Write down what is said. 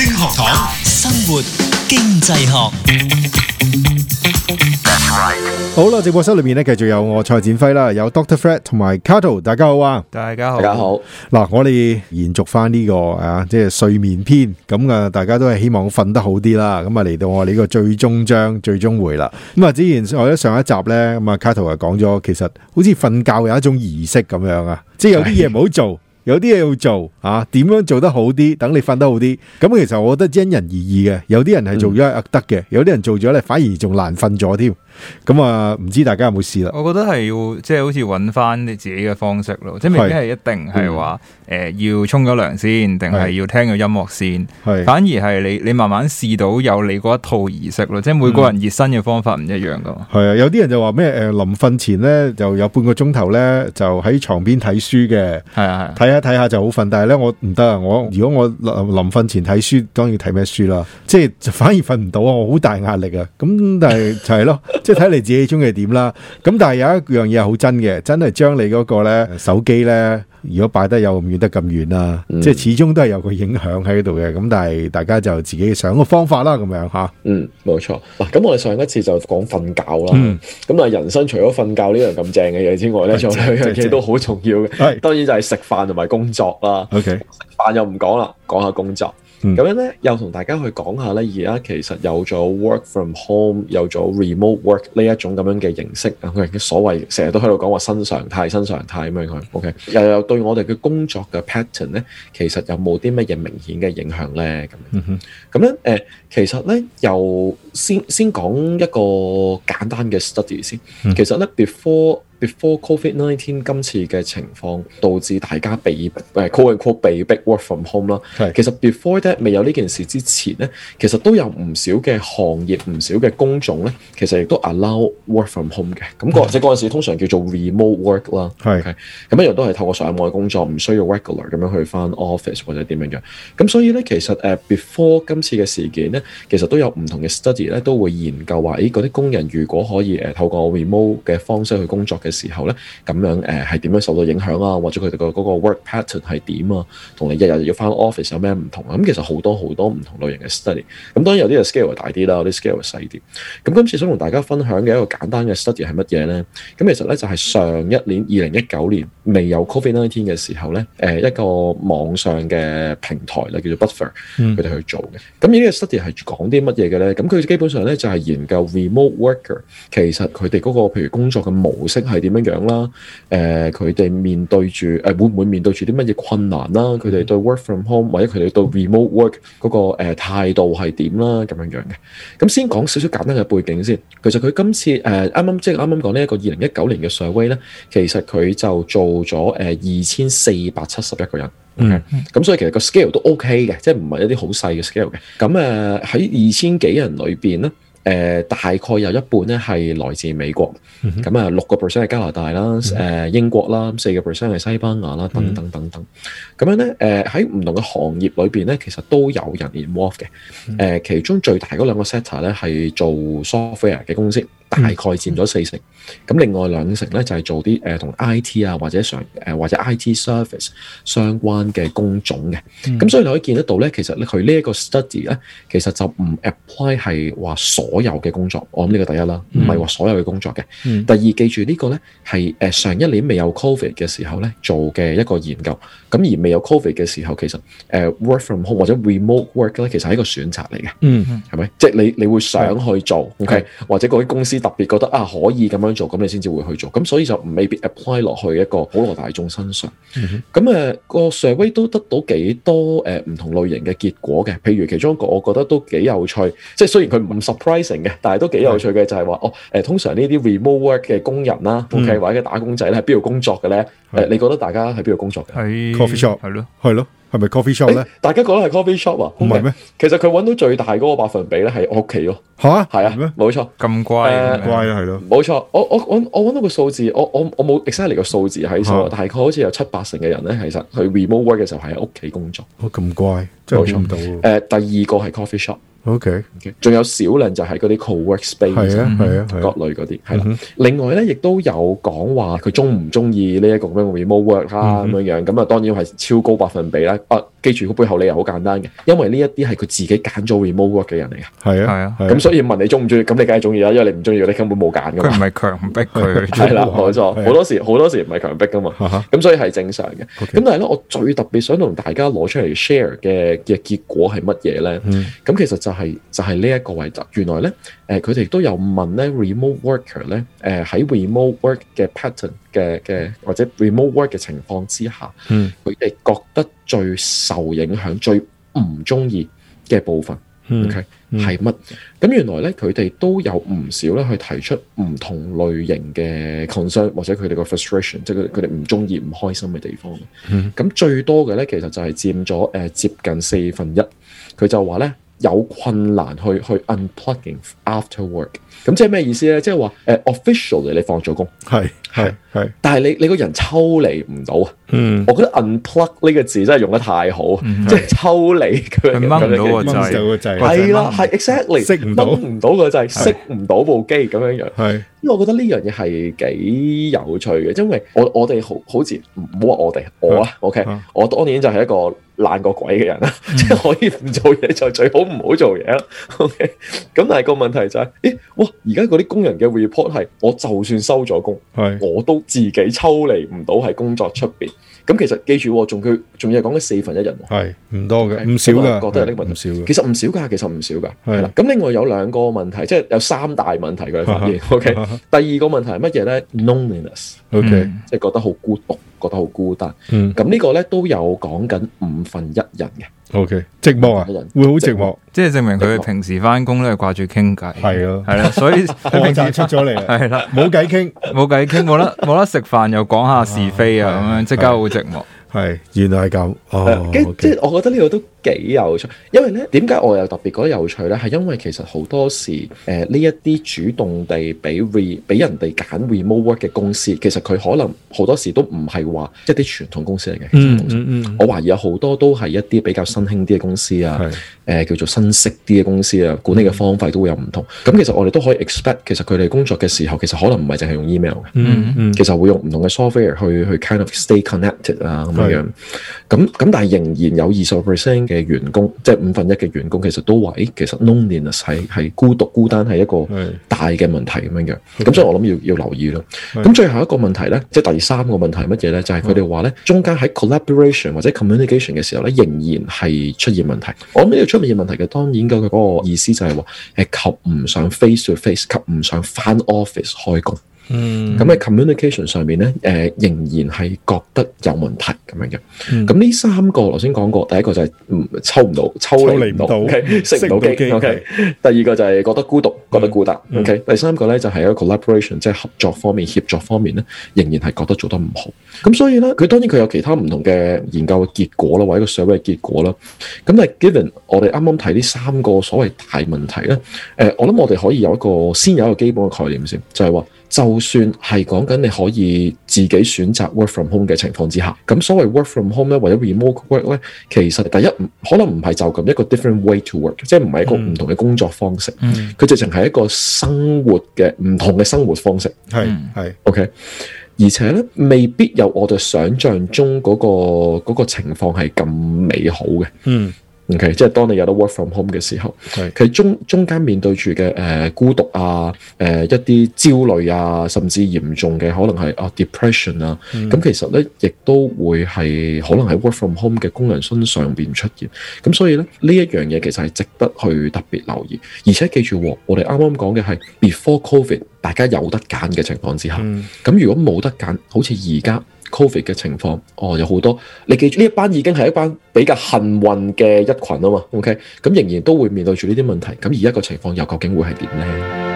財星學堂生活經濟學，好啦！直播室裏面咧，繼續有我蔡展輝啦，有 Doctor Fred 同埋 Cato，大家好啊！大家好，大家好。嗱，我哋延續翻呢個啊，即係睡眠篇咁啊，大家都係希望瞓得好啲啦。咁啊，嚟到我哋呢個最終章、最終回啦。咁啊，之前我喺上一集咧，咁啊，Cato 又講咗，其實好似瞓覺有一種儀式咁樣啊，即係有啲嘢唔好做。有啲嘢要做啊，點樣做得好啲？等你瞓得好啲，咁其實我覺得因人而異嘅。有啲人係做咗得嘅，有啲人做咗咧反而仲難瞓咗添。咁、嗯、啊，唔知大家有冇試啦？我覺得係要即係、就是、好似揾翻你自己嘅方式咯，即係未必係一定係話誒要沖咗涼先，定係要聽個音樂先。反而係你你慢慢試到有你嗰一套儀式咯，即係每個人熱身嘅方法唔一樣噶。係、嗯、啊，有啲人就話咩誒，臨、呃、瞓前咧就有半個鐘頭咧就喺床邊睇書嘅。係啊係，睇下、啊。看看睇下就好瞓，但係咧我唔得啊！我，我如果我臨瞓前睇書，當然要睇咩書啦，即 係反而瞓唔到啊！我好大壓力啊！咁但係就係咯，即係睇你自己中意點啦。咁但係有一樣嘢係好真嘅，真係將你嗰個咧手機咧。如果擺得有咁遠得咁遠啦，即係始終都係有個影響喺度嘅。咁但係大家就自己想個方法啦，咁樣吓。嗯，冇錯。哇，咁我哋上一次就講瞓覺啦。咁啊，人生除咗瞓覺呢樣咁正嘅嘢之外呢，仲有兩樣嘢都好重要嘅。當然就係食飯同埋工作啦。O K，食飯又唔講啦，講下工作。Okay 咁樣咧，又同大家去講下咧，而家其實有咗 work from home，有咗 remote work 呢一種咁樣嘅形式啊。佢所謂成日都喺度講話新常態、新常態咁樣佢。OK，又又對我哋嘅工作嘅 pattern 咧，其實有冇啲乜嘢明顯嘅影響咧？咁，咁咧誒，其實咧，又先先講一個簡單嘅 study 先。其實咧，before Before COVID nineteen，今次嘅情況導致大家被誒 quote unquote 被逼 work from home 啦。係，其實 before that 未有呢件事之前咧，其實都有唔少嘅行業、唔少嘅工種咧，其實亦都 allow work from home 嘅。咁、那個即嗰陣時通常叫做 remote work 啦。係，咁一樣都係透過上網嘅工作，唔需要 regular 咁樣去翻 office 或者點樣樣。咁所以咧，其實 before 今次嘅事件咧，其實都有唔同嘅 study 咧，都會研究話，嗰、哎、啲工人如果可以透過 remote 嘅方式去工作嘅的時候咧，咁樣、呃、係點樣受到影響啊？或者佢哋個嗰個 work pattern 係點啊？同你日日要翻 office 有咩唔同啊？咁其實好多好多唔同類型嘅 study。咁當然有啲 scale 大啲啦，有啲 scale 細啲。咁今次想同大家分享嘅一個簡單嘅 study 係乜嘢咧？咁其實咧就係上一年二零一九年未有 covid nineteen 嘅時候咧、呃，一個網上嘅平台咧叫做 Buffer，佢、嗯、哋去做嘅。咁呢個 study 係講啲乜嘢嘅咧？咁佢基本上咧就係研究 remote worker 其實佢哋嗰個譬如工作嘅模式係。點樣樣啦？誒、呃，佢哋面對住誒、呃，會唔會面對住啲乜嘢困難啦？佢哋對 work from home 或者佢哋對 remote work 嗰、那個誒態、呃、度係點啦？咁樣樣嘅，咁先講少少簡單嘅背景先。其實佢今次誒，啱、呃、啱即係啱啱講呢一個二零一九年嘅 survey 咧，其實佢就做咗誒二千四百七十一個人，咁、嗯 okay? 所以其實個 scale 都 OK 嘅，即係唔係一啲好細嘅 scale 嘅。咁誒喺二千幾人裏邊咧。誒、呃、大概有一半咧係來自美國，咁啊六個 percent 係加拿大啦，誒、呃、英國啦，四個 percent 係西班牙啦，等等等等。咁樣咧，誒喺唔同嘅行業裏邊咧，其實都有人 involve 嘅。誒、呃、其中最大嗰兩個 sector 咧係做 software 嘅公司。大概佔咗四成，咁、嗯嗯、另外兩成咧就係、是、做啲誒同 IT 啊或者上誒、呃、或者 IT service 相關嘅工種嘅，咁、嗯、所以你可以見得到咧，其實咧佢呢一個 study 咧，其實就唔 apply 係話所有嘅工作，我諗呢個第一啦，唔係話所有嘅工作嘅、嗯。第二記住個呢個咧係誒上一年未有 Covid 嘅時候咧做嘅一個研究，咁而未有 Covid 嘅時候，其實誒 work from home 或者 remote work 咧，其實係一個選擇嚟嘅，嗯，係咪？即、就、係、是、你你會想去做、嗯、，OK，、嗯、或者嗰啲公司。特別覺得啊可以咁樣做，咁你先至會去做，咁所以就未必 apply 落去一個普羅大眾身上。咁、嗯、誒、呃、個 survey 都得到幾多誒唔、呃、同類型嘅結果嘅，譬如其中一個我覺得都幾有趣，即係雖然佢唔 surprising 嘅，但係都幾有趣嘅就係、是、話，哦、呃、通常呢啲 remote work 嘅工人啦，OK、嗯、或者打工仔咧，喺邊度工作嘅咧、呃？你覺得大家喺邊度工作嘅？喺 coffee shop，係咯，係咯。係咪 coffee shop 咧？大家覺得係 coffee shop 啊？唔係咩？Okay, 其實佢搵到最大嗰個百分比咧，係屋企咯。吓，係啊，咩？冇錯。咁乖，呃、乖啦，係咯，冇錯。我我我我搵到個數字，我我我冇 exactly 個數字喺手，但係佢好似有七八成嘅人咧，其實佢 remote work 嘅時候係喺屋企工作。哦，咁乖，追唔到。誒、呃，第二個係 coffee shop。O K，仲有少量就係嗰啲 co workspace，係啊係啊係啊，係啊，各類嗰啲係啦。另外咧，亦都有講話佢中唔中意呢一個咩 remote work 啦咁樣樣咁啊，當然係超高百分比啦。記住個背後理由好簡單嘅，因為呢一啲係佢自己揀咗 remote work 嘅人嚟嘅。係啊啊，咁、啊啊嗯、所以問你中唔中意？咁你梗係中意啦，因為你唔中意，你根本冇揀㗎嘛。佢唔係強迫，佢、 啊，係啦冇錯，好多時好、啊、多時唔係強迫㗎嘛。咁、啊、所以係正常嘅。咁、okay. 但係咧，我最特別想同大家攞出嚟 share 嘅嘅結果係乜嘢咧？咁、嗯、其實就係、是、就係呢一個位置原來咧，佢哋都有問咧 remote worker 咧，喺、呃、remote work 嘅 pattern。嘅嘅或者 remote work 嘅情況之下，嗯，佢哋覺得最受影響、最唔中意嘅部分，OK 係乜？咁、嗯嗯、原來咧，佢哋都有唔少咧去提出唔同類型嘅 concern，或者佢哋個 frustration，即係佢佢哋唔中意、唔開心嘅地方嘅。咁、嗯、最多嘅咧，其實就係佔咗、呃、接近四分一，佢就話咧。有困難去去 unplugging after work 咁即係咩意思咧？即係話誒、uh，officially 你放咗工，係係係，但係你你個人抽離唔到，嗯，我覺得 unplug 呢個字真係用得太好，即、嗯、係、就是、抽離佢，掹唔到個掣，係啦、啊就是，exactly，搵唔到個掣，識唔到部機咁樣樣，係，所以我覺得呢樣嘢係幾有趣嘅，因為我我哋好好似唔好話我哋，我啦，OK 我當年就係一個。爛個鬼嘅人啊，即係可以唔做嘢就最好唔好做嘢啦。OK，咁但係個問題就係，咦，哇，而家嗰啲工人嘅 report 係，我就算收咗工，係，我都自己抽離唔到喺工作出邊。咁其實記住，仲要仲要講緊四分一人，係唔多嘅，唔少噶。覺得呢個問題少，其實唔少噶，其實唔少噶。係啦，咁另外有兩個問題，即係有三大問題佢哋發現。OK，第二個問題係乜嘢咧？loneliness，OK，即係覺得好孤獨。覺得好孤單，嗯，咁呢個咧都有講緊五分一人嘅，O K，寂寞啊，會好寂寞，即係證明佢平時返工咧掛住傾偈，係咯、啊，係啦、啊，所以佢平時 出咗嚟，係 啦、啊，冇偈傾，冇偈傾，冇 得冇得食飯又講下是非啊，咁、啊、樣即、啊、刻好寂寞，係、啊啊啊，原來係咁，哦，啊 okay、即係我覺得呢個都。幾有趣，因為咧點解我又特別覺得有趣咧？係因為其實好多時呢一啲主動地俾俾人哋揀 remote work 嘅公司，其實佢可能好多時都唔係話即啲傳統公司嚟嘅、嗯嗯嗯。我懷疑有好多都係一啲比較新興啲嘅公司啊、呃，叫做新式啲嘅公司啊，管理嘅方法都會有唔同。咁、嗯、其實我哋都可以 expect，其實佢哋工作嘅時候其實可能唔係淨係用 email 嘅、嗯嗯。其實會用唔同嘅 software 去去 kind of stay connected 啊咁樣。咁咁，但係仍然有二十 percent，嘅員工即係五分一嘅員工，其實都話，誒，其實 loneliness 係係孤獨、孤單係一個大嘅問題咁樣樣。咁所以我諗要要留意咯。咁最後一個問題呢，即係第三個問題係乜嘢呢？就係佢哋話呢，中間喺 collaboration 或者 communication 嘅時候呢，仍然係出現問題。我諗呢個出現問題嘅，當然嘅嗰個意思就係話，誒，及唔上 face to face，及唔上翻 office 開工。嗯，咁喺 communication 上面咧，誒、呃，仍然係覺得有問題咁樣嘅。咁、嗯、呢三個，我頭先講過，第一個就係、是、抽唔到，抽離唔到，熄唔到機。Okay，機 okay, 第二個就係覺得孤獨、嗯，覺得孤單。Okay，嗯、第三個咧就係、是、一個 collaboration，即係合作方面、協作方面咧，仍然係覺得做得唔好。咁所以咧，佢當然佢有其他唔同嘅研究嘅結果啦，或者一個 survey 嘅結果啦。咁但係，given 我哋啱啱睇呢三個所謂大問題咧，誒、呃，我諗我哋可以有一個先有一個基本嘅概念先，就係、是、話。就算係講緊你可以自己選擇 work from home 嘅情況之下，咁所謂 work from home 咧，或者 remote work 咧，其實第一可能唔係就咁一個 different way to work、嗯、即係唔係一個唔同嘅工作方式，佢、嗯、直情係一個生活嘅唔同嘅生活方式，係 o k 而且咧，未必有我哋想象中嗰、那個嗰、那個情況係咁美好嘅。嗯 Okay, 即係當你有得 work from home 嘅時候，其中中間面對住嘅、呃、孤獨啊、呃、一啲焦慮啊，甚至嚴重嘅可能係啊 depression 啊，咁、嗯、其實咧亦都會係可能喺 work from home 嘅工人身上邊出現。咁所以咧呢呢一樣嘢其實係值得去特別留意。而且記住，我哋啱啱講嘅係 before COVID，大家有得揀嘅情況之下，咁、嗯、如果冇得揀，好似而家。Covid 嘅情況，哦，有好多，你記住呢一班已經係一班比較幸運嘅一群啊嘛，OK，咁仍然都會面對住呢啲問題，咁而家個情況又究竟會係點咧？